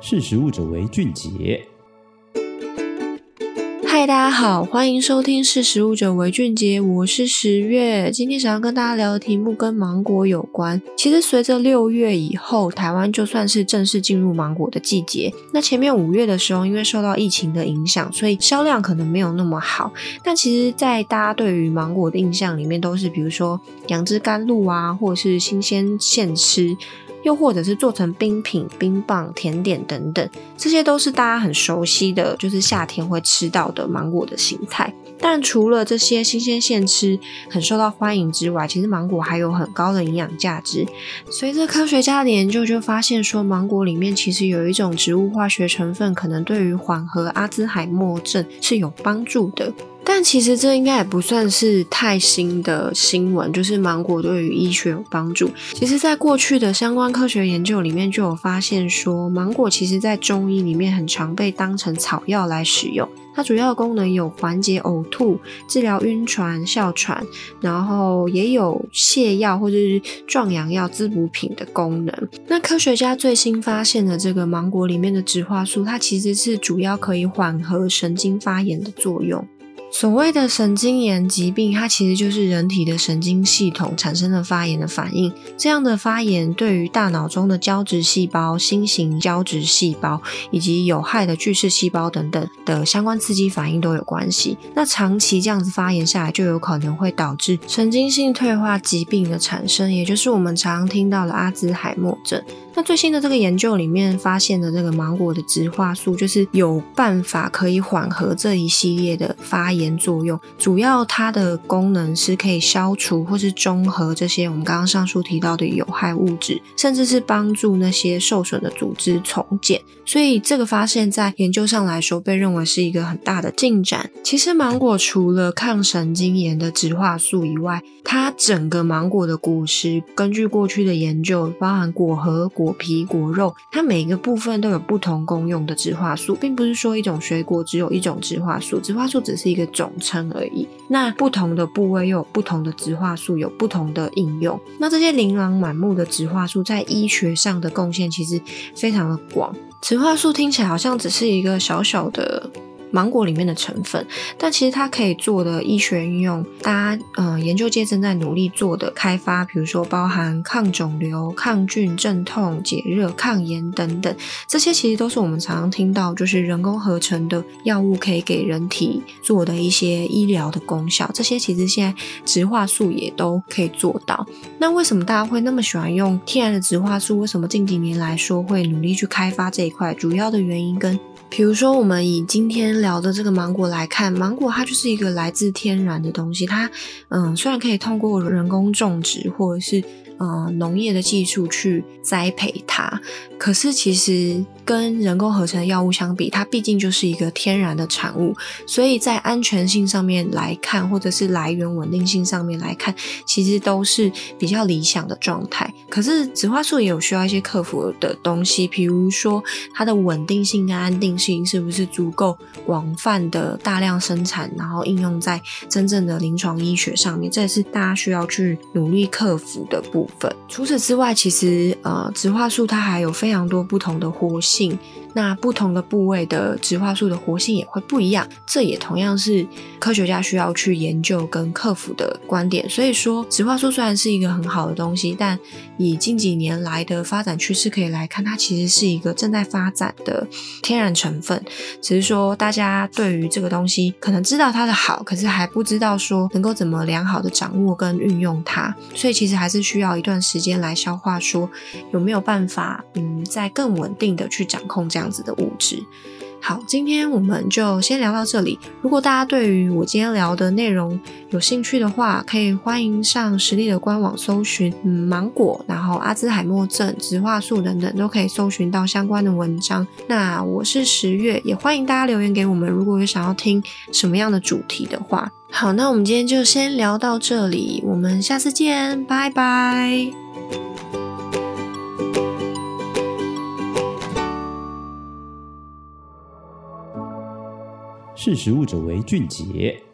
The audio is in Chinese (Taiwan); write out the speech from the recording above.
識食物者為俊傑。嗨，大家好，歡迎收聽識食物者為俊傑，我是食月。今天想要跟大家聊的題目跟芒果有關。其實隨着六月以後，台灣就算是正式進入芒果的季節。那前面五月的時候，因為受到疫情的影響，所以銷量可能沒有那麼好。但其實，在大家對於芒果的印象裡面，都是比如說楊枝甘露啊，或者是新鮮現吃。又或者是做成冰品、冰棒、甜點等等，這些都是大家很熟悉的，就是夏天會吃到的芒果的形態。但除了這些新鮮現吃，很受到歡迎之外，其實芒果還有很高的營養價值。隨着科學家的研究，就發現說芒果裡面其實有一種植物化學成分，可能對於緩和阿茲海默症是有幫助的。但其實這應該也不算是太新的新聞，就是芒果對於醫學有幫助。其實，在過去的相關科學研究裡面，就有發現說，芒果其實在中醫裡面很常被當成草藥來使用。它主要的功能有緩解嘔吐、治療暈船、哮喘，然後也有瀉藥或者是壯陽藥、滋補品的功能。那科學家最新發現的這個芒果裡面的植化素，它其實是主要可以緩和神經發炎的作用。所謂的神經炎疾病，它其實就是人體的神經系統產生了發炎的反應。這樣的發炎對於大腦中的膠質細胞、星形膠質細胞以及有害的巨噬細胞等等的相關刺激反應都有關係。那長期這樣子發炎下來，就有可能會導致神經性退化疾病的產生，也就是我們常聽到的阿茲海默症。那最新的這個研究裡面發現的這個芒果的植化素，就是有辦法可以緩和這一系列的發炎作用。主要它的功能是可以消除或是中和這些我們剛剛上述提到的有害物質，甚至是幫助那些受損的組織重建。所以這個發現，在研究上來說被認為是一個很大的進展。其實芒果除了抗神經炎的植化素以外，它整個芒果的果實，根據過去的研究，包含果核、果果皮、果肉，它每個部分都有不同功用的植化素，並不是說一種水果只有一種植化素，植化素只是一個總稱而已。那不同的部位又有不同的植化素，有不同的應用。那這些琳琅滿目的植化素在醫學上的貢獻其實非常的廣。植化素聽起來好像只是一個小小的，芒果裡面的成分，但其實它可以做的醫學應用，大家嗯、呃、研究界正在努力做的開發，比如說包含抗腫瘤、抗菌、鎮痛、解熱、抗炎等等，這些其實都是我們常常聽到，就是人工合成的藥物可以給人體做的一些醫療的功效，這些其實現在植化素也都可以做到。那為什麼大家會那麼喜歡用天然的植化素？為什麼近幾年來說會努力去開發這一塊？主要的原因跟比如說，我們以今天聊的這個芒果來看，芒果它就是一個來自天然的東西，它嗯，雖然可以通過人工種植，或者是，呃，農業的技術去栽培它，可是其實跟人工合成的藥物相比，它畢竟就是一個天然的產物，所以在安全性上面來看，或者是來源穩定性上面來看，其實都是比較理想的狀態。可是植化素也有需要一些克服的東西，比如說它的穩定性跟安定性是不是足夠廣泛的大量生產，然後應用在真正的臨床醫學上面，這也是大家需要去努力克服的部分。粉除此之外，其實呃，植化素它還有非常多不同的活性。那不同的部位的植化素的活性也會不一樣，這也同樣是科學家需要去研究跟克服的觀點。所以說，植化素雖然是一個很好的東西，但以近幾年來的發展趨勢可以來看，它其實是一個正在發展的天然成分。只是說，大家對於這個東西可能知道它的好，可是還不知道說能夠怎麼良好的掌握跟運用它。所以其實還是需要一段時間來消化，說有沒有辦法，嗯，再更穩定的去掌控這樣。樣子的物質，好，今天我們就先聊到這裡。如果大家對於我今天聊的內容有興趣的話，可以歡迎上食力的官網搜尋、嗯、芒果，然後阿茲海默症、植化素等等，都可以搜尋到相關的文章。那我是食月，也歡迎大家留言給我們。如果有想要聽什麼樣的主題的話，好，那我們今天就先聊到這裡，我們下次見，拜拜。識食物者為俊傑。